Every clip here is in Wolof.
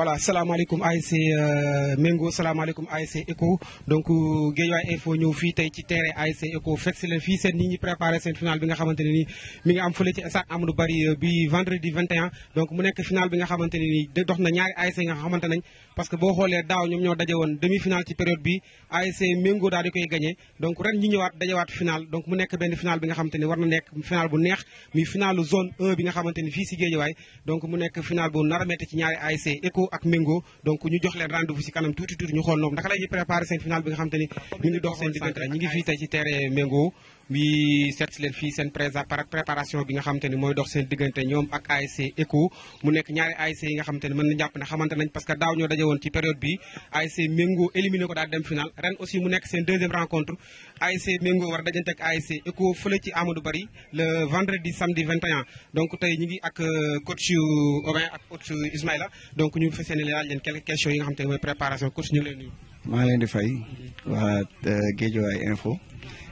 voilà salaamaaleykum ASC euh, Mengo salaamaaleykum ASC ECCO donc euh, Guédiawaye Infos ñëw fii tey ci terrain ASC ECCO fekk si la fii seen nit ñi préparé seen final bi nga xamante ne nii mi ngi am fële ci stade Amadou Barry euh, bi mu nekk final bi nga xamante ne nii dox na ñaari ASC nga xamante nañ parce que boo xoolee daaw ñoom ñoo daje woon demi final ci période bi ASC Mengo daal di koy gagné donc ren ñu ñëwaat dajewaat final donc mu nekk benn final bi nga xamante ne war na nekk final bu neex muy finalu zone 1 bi nga xamante ni fii si Guédiawaye donc mu nekk final a metti ci ñaari ASC ECCO ak méngoo donc ñu jox leen rendez-vous si kanam tuuti tuuti ñu xool noonu naka la ñuy préparé seen final bi nga xam te ni mi ngi dox seen diggante ñi ngi fii ci terrain méngoo bi seet si leen fii seen préparation bi nga xamante ni mooy dox seen diggante ñoom ak ASC ECCO mu nekk ñaari ASC yi nga xamante ni mën na jàpp ne xamante nañ parce que daaw ñoo daje woon ci période bi ASC Mengo éliminé ko daal dem final ren aussi mu nekk seen deuxième rencontre ASC Mengo war a dajante ak ASC ECCO fële ci Amadou Bari le vendredi samedi 21 donc tey ñu ngi euh, ak coach yu Obain ak coach Ismaïla donc ñu fas yéene laaj leen quelques questions yi nga xamante ni ñu ngi leen nuyu maa di fay mm-hmm. waa euh, Guédiawaye info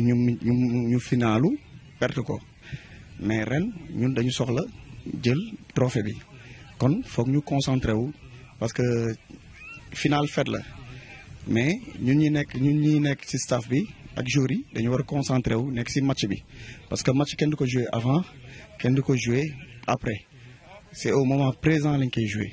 ñu ñu ñu ñu perte ko mais ren ñun dañu soxla jël trophée bi kon faut ñu concentré wu parce que final fait la mais ñun ñi nek ñun ñi nek ci staff bi ak jury dañu wara concentré wu nek ci match bi parce que match kenn duko jouer avant kenn duko jouer après c'est au moment présent lañ koy jouer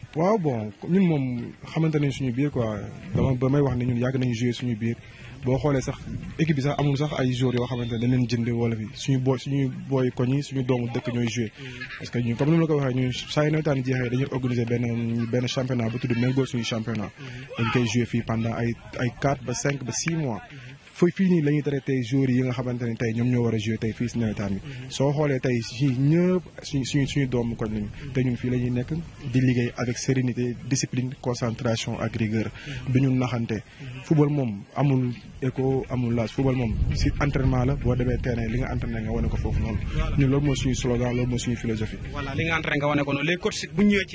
waaw bon ñun moom xamante nañ suñu biir quoi dama ba may wax ni ñun yàgg nañu jouer suñu biir boo xoolee sax équipe bi sax amul sax ay joueurs yoo xamante ne dañ leen jënd wala fi suñu booy suñu booy koñ yi suñu doomu dëkk ñooy jouer parce que ñun comme la ko waxee ñun saa yu nawetaan jeexee dañuy organiser benn benn championnat bu tudd méngoo suñu championnat mhm. dañ koy jouer fii pendant ay ay 4 ba cinq ba 6 mois fooy fii nii la ñuy traité joueurs yi nga xamante tey ñoom ñoo war a joué tey fii si nawetaan bi mhm. soo xoolee tey si ñëpp suñ suñ suñu doomu koñ lañu mhm. la ñuy nekk di liggéey avec sérénité discipline concentration ak rigueur mhm. du ñu naxante football moom amul écho amul laaj football moom si entraînement la boo demee terrain li nga entraîné nga wane ko foofu noonu ñun loolu mooy suñu slogan loolu mooy suñu philosophie li nga entraîné nga wane ko noonu léegi coach bu ñëwee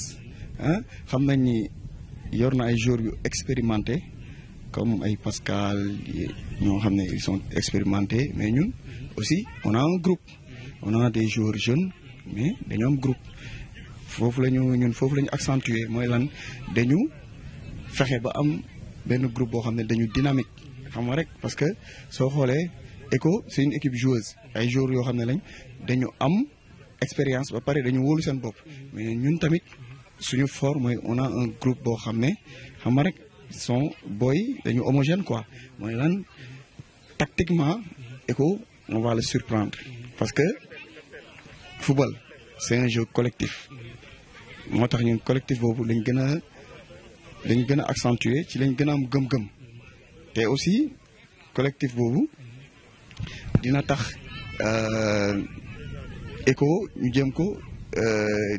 ci ah xam nañ ni yor na ay joueurs yu expérimenté comme ay Pascal ñoo xam ne ils sont expérimentés mais ñun aussi on a un groupe on a des joueurs jeunes mais dañu am groupe foofu la ñu ñun foofu la ñu accentuer mooy lan dañu fexe ba am benn groupe boo xam ne dañu dynamique xam nga rek parce que soo xoolee ECCO c'est une équipe joueuse ay joueurs yoo xam ne lañ dañu am expérience ba pare dañu wóolu seen bopp mais ñun tamit suñu fort moy on a un groupe bo xamné xam rek son boy dañu homogène quoi moy lan tactiquement écho on va le surprendre parce que football c'est un jeu collectif motax ñun collectif bobu lañ gëna a gëna accentuer ci lañ gëna a am gëm-gëm té aussi collectif bobu dina tax écho euh, ñu jëm ko euh,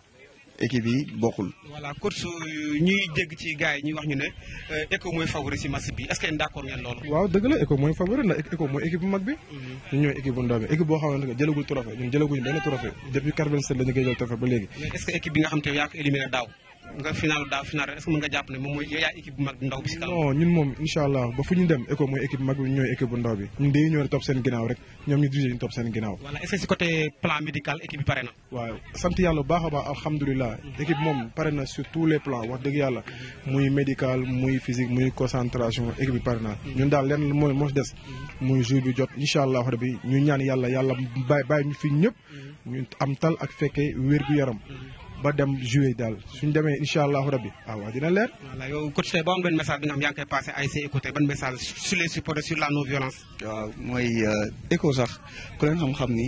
équipe yi bokkul. voilà coach euh, ñuy dégg ci gars yi ñuy wax ñu ne euh, ECHO mooy favori si match bi est-ce que d'accord ngeen loolu. waaw dëgg la ECHO mooy favori ndax ECHO mooy équipe bu mag bi. Mhm. ñun ñooy équipe bu ndaw bi équipe boo xamante ne jëlagul trophée ñun jëlaguñu benn trophée depuis 87 la ñu koy jël trophée ba léegi. mais est bi nga xam te yaa ko éliminé daaw. nga final daaw final est-ce que mën nga jàpp ne moom mooy yaay équipe bu mag bi ndaw bi si kanam. non ñun moom incha allah ba fu ñu dem ECHO mooy équipe mag bi ñooy équipe bu ndaw bi ñun dañuy ñëw topp seen ginnaaw rek ñoom ñu dirigé ñu topp seen ginnaaw. voilà est-ce que si côté plan médical équipe bi pare na. waaw sant yàlla bu baax a baax alhamdulilah. équipe moom pare na sur tous les plans wax dëgg yàlla. muy médical muy physique muy concentration équipe bi pare na. ñun daal lenn mooy moo des. muy jour bi jot incha allah rabi ñu ñaan yàlla yàlla bàyyi bàyyi ñu fi ñëpp. ñu am tal ak fekkee wér gu yaram ba dem jouer daal suñ demee incha allahu rabbi ah waaw dina leer. voilà yow coach eh, boo am benn message bi nga xam yaa ngi ay ses écouté ban message sur les supporters sur la non violence. waaw mooy écho euh, sax ku xam-xam ni.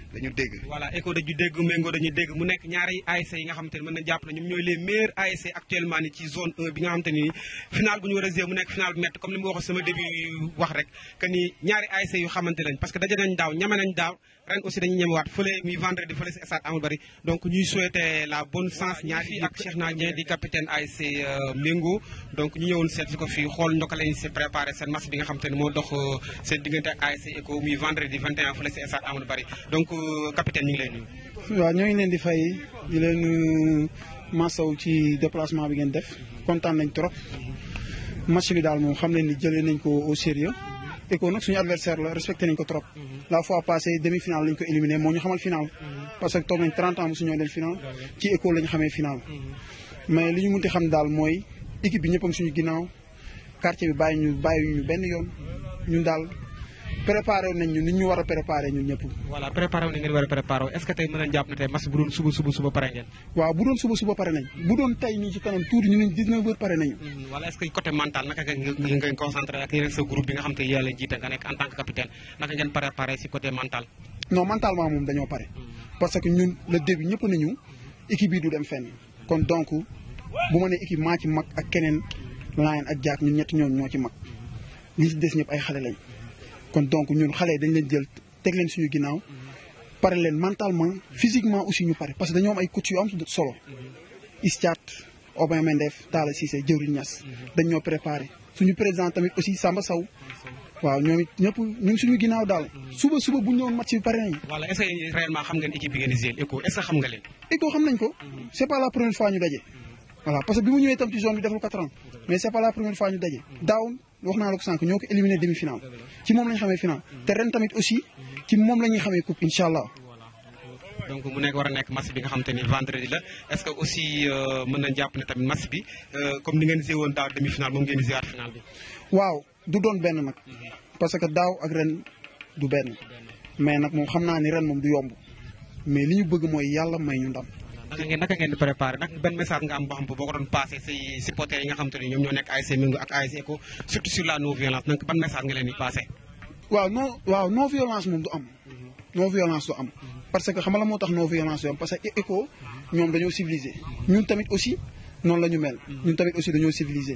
dañu dégg voilà ECHO dañu dégg Mengo dañu dégg mu nekk ñaari ASC yi nga xamante ne mën nañ jàpp ne ñoom ñooy les meilleurs ASC actuellement ni ci zone 1 bi nga xamante ni bu ñu war a jouer mu sama début wax rek que ñaari ASC yu xamante parce que daje nañ daaw ñame nañ daaw ren aussi dañuy ñemewaat fële muy euh, ko fii xool ndoka lañ si préparé seen match bi nga xamante ne moo dox euh, seen diggante ak ASC ECHO muy vendredi 21 fële si stade Amadou Barry donc euh, capitaine ñu ngi lay nuyu. ñoo ngi leen di fay di leen euh, masaw ci déplacement bi ngeen def kontaan nañ trop match bi daal moom xam nañ ni jëlee nañ ko au sérieux et nag suñu adversaire la respecté nañ ko trop. la fois passée demi-finale lañ ko éliminé moo ñu xamal final. parce que toog nañ 30 ans ñoo leen final ci école lañ xamee final. mais li ñu mënti xam daal mooy équipe bi ñëpp suñu ginnaaw quartier bi bàyyi ñu bàyyi ñu benn yoon ñun daal. préparé wu nañ ñu ni ñu war a préparé ñun ñëpp. voilà préparé wu nañ ngeen war a préparé est ce que tey mën nañ jàpp ne tey match bu doon suba suba suba pare ngeen. waaw bu doon suba suba pare nañ bu doon tey ñu ci kanam tuuti ñu ne 19 heures pare nañu. Hmm, voilà est ce que côté mental naka ngeen ngeen ak yeneen sa groupe en tant que capitaine naka ngeen si côté mental. non mentalement moom dañoo pare hmm. parce que ñun le début ñëpp nañu équipe bi du dem fenn kon donc bu ma ne équipe maa ci mag ak keneen Lion ak Jack ñun ñetti ñoo ci mag li des ñëpp ay xale lañ kon donc ñun xale yi dañ leen jël teg leen suñu ginnaaw pare leen mentalement physiquement aussi ñu pare parce que dañoo am ay coach yu am solo Ischat Aubin Mendef Talla Cissé Jëwriñ Ñas dañ ñoo préparé suñu président tamit aussi Samba Sow waaw ñoom it ñëpp ñu ngi suñu ginnaaw daal suba suba bu ñëwoon match bi pare nañu voilà xam nga leen ECHO nañ ko c'est la première fois ñu daje voilà parce que bi mu ñëwee tam ci zone bi deful quatre ans mais c'est la première fois ñu daje daaw wax naa la ko sànq ñoo ko éliminé demi final ci moom la ñu xamee final te ren tamit aussi ci moom la ñuy xamee coupe incha allah. donc mu nekk war a nekk match bi nga xam te ni vendredi la est-ce que aussi euh, mën na jàpp ne tamit match bi euh, comme ni ngeen jéewoon daaw demi final moom ngeen di final bi. waaw du doon benn nag mhm. parce que daaw ak ren du benn mais nag moom xam naa ni ren moom du yomb mais li ñu bëgg mooy yàlla may ñu ndam. naka ngeen naka ngeen di préparé nag benn message nga am boo xam boo ko doon passé si supporters yi nga xam te ne ñoom ñoo nekk ASC e Mingo ak e surtout sur la non violence nag ban message nga leen di waaw non waaw violence du am non violence du am parce que xam nga la moo tax non violence du am parce que Eco ñoom dañoo civilisé ñun tamit aussi noonu la ñu mel ñun tamit aussi dañoo civilisé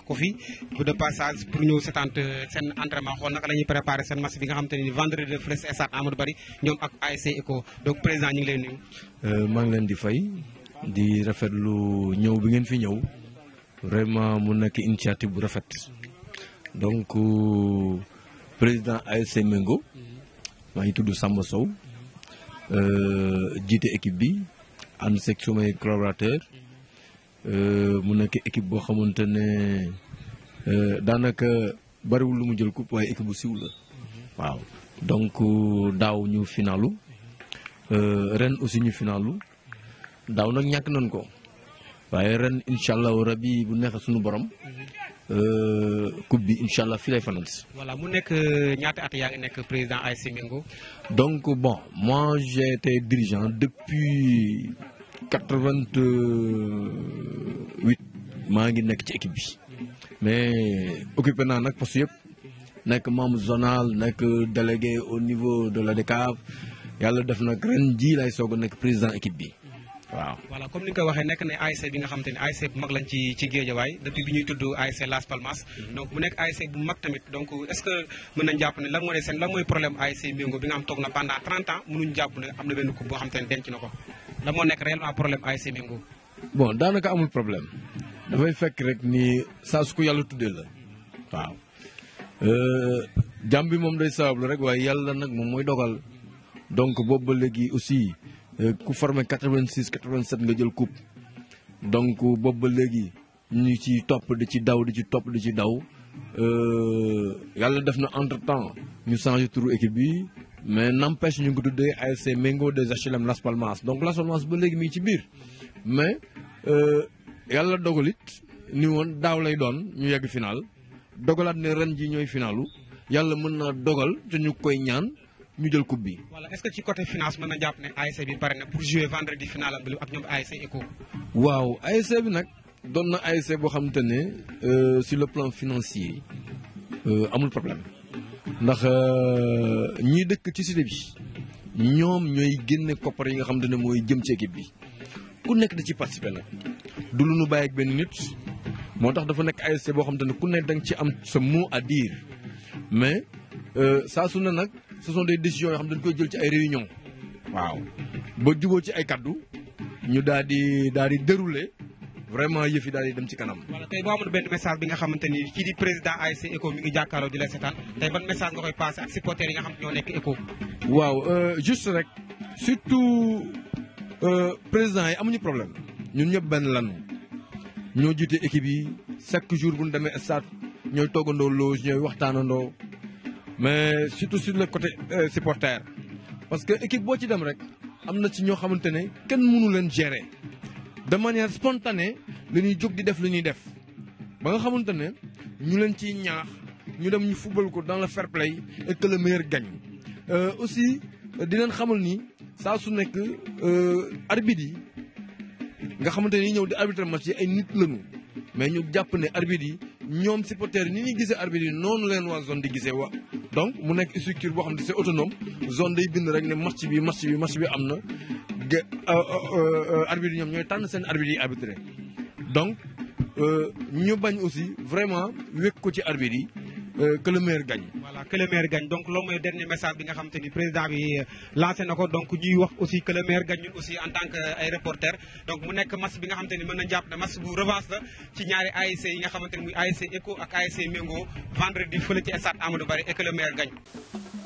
fekk ko fi de passage pour ñëw seetaan euh, seen entraînement xool naka la ñuy préparé seen match bi nga xam te ne nii vendredi fële si stade Amadou Barry ñoom ak ASC ECCO donc euh, ngi leen di fay di rafet lu ñëw bi ngeen fi ñëw vraiment mu nekk initiative bu rafet donc euh, président ASC Mengo maa ngi tudd Samba Sow jiite équipe bi ànd seeg sumay collaborateur Euh, mu nekk équipe boo xamante ne euh, daanaka bariwul lu mu jël coupe waaye équipe bu siw la waaw donc euh, daaw ñu finalu ren aussi ñu finalu daaw nag ñàkk nañ ko waaye ren incha allahu rabi bu neexee suñu borom coupe bi incha allah fii lay fanaan si. voilà mu nekk ñaata at yaa ngi nekk président ASC Mingo. donc bon mois j'ai te dirigeant depuis. quatre-vingt-huit maa ngi nekk ci équipe bi mais occupé naa nag poste yëpp nekk membre zonal nekk délégué au niveau de l'ODCAV yàlla def nag ren jii lay soog a nekk président équipe bi waaw. voilà comme ni nga ko waxee nekk na ASC bi nga xam te ne ASC bu mag lañ ci ci Guédiawaye depuis bi ñuy tudd ASC Las Palmas. Mhm. donc mu nekk ASC bu mag tamit donc est-ce que mën nañ jàpp ne lan moo ne seen lan mooy problème ASC Mengo bi nga xam toog na pendant 30 ans mënuñ jàpp ne am na na ko. la moo nekk réellement problème ASC Mingo bon daanaka amul problème dafay fekk rek ni saa su ko yàlla tuddee la waaw euh, jàmm bi moom day sabablu rek waaye yàlla nag moom mooy dogal donc boobu ba léegi aussi euh, ku formé 86 87 nga jël coupe donc boobu ba léegi ñu ci topp di ci daw di ci topp di ci daw euh, yàlla def na entre temps ñu changé turu équipe bi mais n'empêche ñu ngi tuddee ASC Mengo des HLM Las Palmas donc Las Palmas ba léegi mi ci biir mais euh, yàlla dogalit ni woon daaw lay doon ñu yegg final dogalaat ne ren ji ñooy finalu yàlla mën naa dogal te ñu koy ñaan ñu jël coupe bi. voilà est-ce que ci côté finance mën na jàpp ne ASC bi pare na pour jouer vendredi final ak ñoom ASC ECHO. waaw ASC bi nag doon na ASC boo xamante ne euh, sur le plan financier euh, amul problème. ndax euh, ñuy dëkk ci cité bi ñoom ñooy génne koppar yi nga xam ne mooy jëm ci équipe bi ku nekk da ci participer nag du lu nu bàyyi ak benn nit moo tax dafa nekk ASC boo xam ne ku nekk da nga ci am sa mu à dire mais euh, saa su ne nag ce sont des décisions yoo xam ne dañ koy jël ci ay réunion waaw ba juboo ci ay kaddu ñu daal di daal di dérouler vraiment yëf yi daal di dem ci kanam. wala tay boo amoon ben message bi nga xamanteni ni di président ASC eco mi ngi jàkkaarloo di la seetaan tay ban message nga koy passer ak supporter yi nga xam ñoo nek eco waaw euh juste rek surtout euh président yi amuñu problème ñun ñep ben lanu ñoo jiite équipe yi chaque jour buñu démé demee stade ñooy toggandoo loge ñoy waxtaanandoo mais surtout sur le côté euh, supporter parce que équipe bo ci dem rek amna ci ñoo xamante ne kenn mënu len gérer. de manière spontanée la ñuy jóg di def lu ñuy def ba nga xamante ne ñu leen ci ñaax ñu dem ñu football ko dans le fair play et que le meilleur euh, aussi di leen xamal ni saa su nekk euh, arbitre yi nga xamante ni ñëw di arbitre match yi ay nit lañu mais ñu jàpp ne arbitre yi ñoom supporters ni ñuy gisee arbitre yi noonu leen waa zone di gisee wa donc mu nekk structure boo xam ne c'est autonome zone day bind rek ne match bi match bi match bi am na. Euh, euh, euh, arbitre donc nous bañ aussi vraiment avec ci arbitre que le maire gagne. voilà que le maire gagne donc l'homme dernier message bi nga président bi lancé donc ñuy aussi que le maire gagne aussi en tant que reporter donc mu un match bi nga xamanteni un japp de match bu revanche la ci vendredi et que le maire gagne.